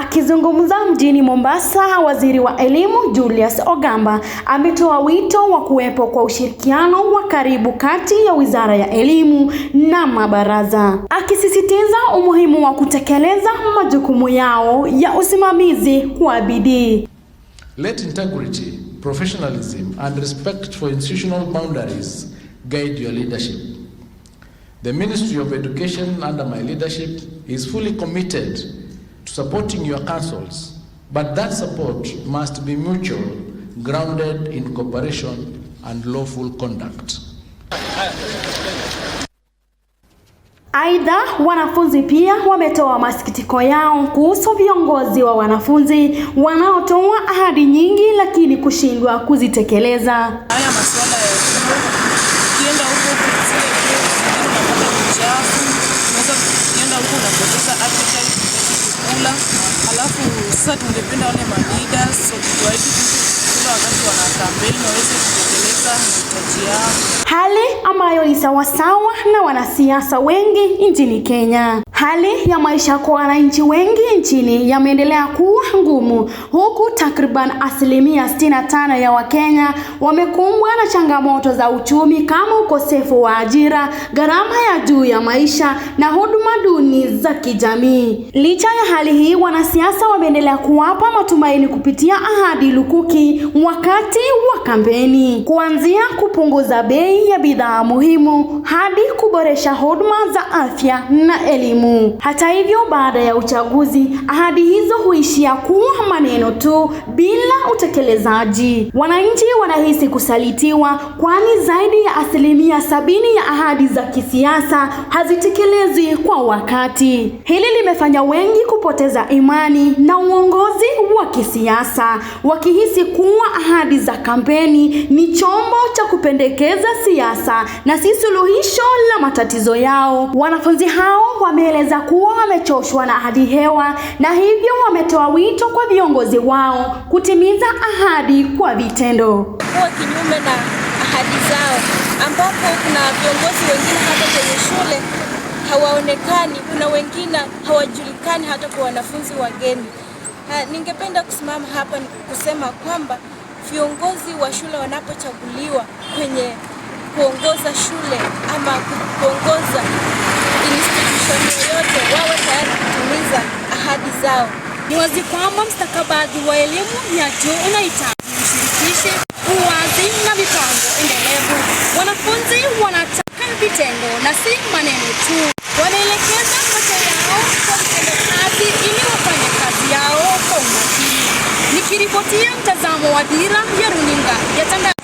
Akizungumza mjini Mombasa, waziri wa elimu Julius Ogamba ametoa wito wa kuwepo kwa ushirikiano wa karibu kati ya wizara ya elimu na mabaraza, akisisitiza umuhimu wa kutekeleza majukumu yao ya usimamizi kwa bidii. Let integrity, professionalism and respect for institutional boundaries guide your leadership. The Ministry of Education under my leadership is fully committed supporting your councils, but that support must be mutual, grounded in cooperation and lawful conduct. Aidha, wanafunzi pia wametoa masikitiko yao kuhusu viongozi wa wanafunzi wanaotoa ahadi nyingi lakini kushindwa kuzitekeleza. Haya masuala ya chakula. Alafu sasa tungependa wale maleaders so tuwaite kila wakati wana kampeni waweze kutekeleza mahitaji yao hali ambayo ni sawasawa na wanasiasa wengi nchini Kenya. Hali ya maisha kwa wananchi wengi nchini yameendelea kuwa ngumu, huku takriban asilimia 65 ya Wakenya wamekumbwa na changamoto za uchumi kama ukosefu wa ajira, gharama ya juu ya maisha na huduma duni za kijamii. Licha ya hali hii, wanasiasa wameendelea kuwapa matumaini kupitia ahadi lukuki wakati wa kampeni, kuanzia kupunguza bei bei ya bidhaa muhimu hadi kuboresha huduma za afya na elimu. Hata hivyo, baada ya uchaguzi, ahadi hizo huishia kuwa maneno tu bila utekelezaji. Wananchi wanahisi kusalitiwa, kwani zaidi ya asilimia sabini ya ahadi za kisiasa hazitekelezwi kwa wakati. Hili limefanya wengi kupoteza imani na uongozi wa kisiasa, wakihisi kuwa ahadi za kampeni ni chombo cha kupendekeza siasa na si suluhisho la matatizo yao. Wanafunzi hao wameeleza kuwa wamechoshwa na ahadi hewa na hivyo wametoa wito kwa viongozi wao kutimiza ahadi kwa vitendo kinyume na ahadi zao, ambapo kuna viongozi wengine hata kwenye shule hawaonekani, kuna wengine hawajulikani hata kwa wanafunzi wageni. Ha, ningependa kusimama hapa kusema kwamba viongozi wa shule wanapochaguliwa kwenye kuongoza shule ama kuongoza institution yoyote wawe tayari kutimiza ahadi zao. Ni wazi kwamba mstakabadhi wa elimu ya juu unahitaji ushirikishe uwazi na mipango endelevu. Wanafunzi wanataka vitendo na si maneno tu. Wanaelekeza macho yao kwa vitendo kazi ili wafanye kazi yao kwa umakini. Nikiripotia mtazamo wa dira ya runinga ya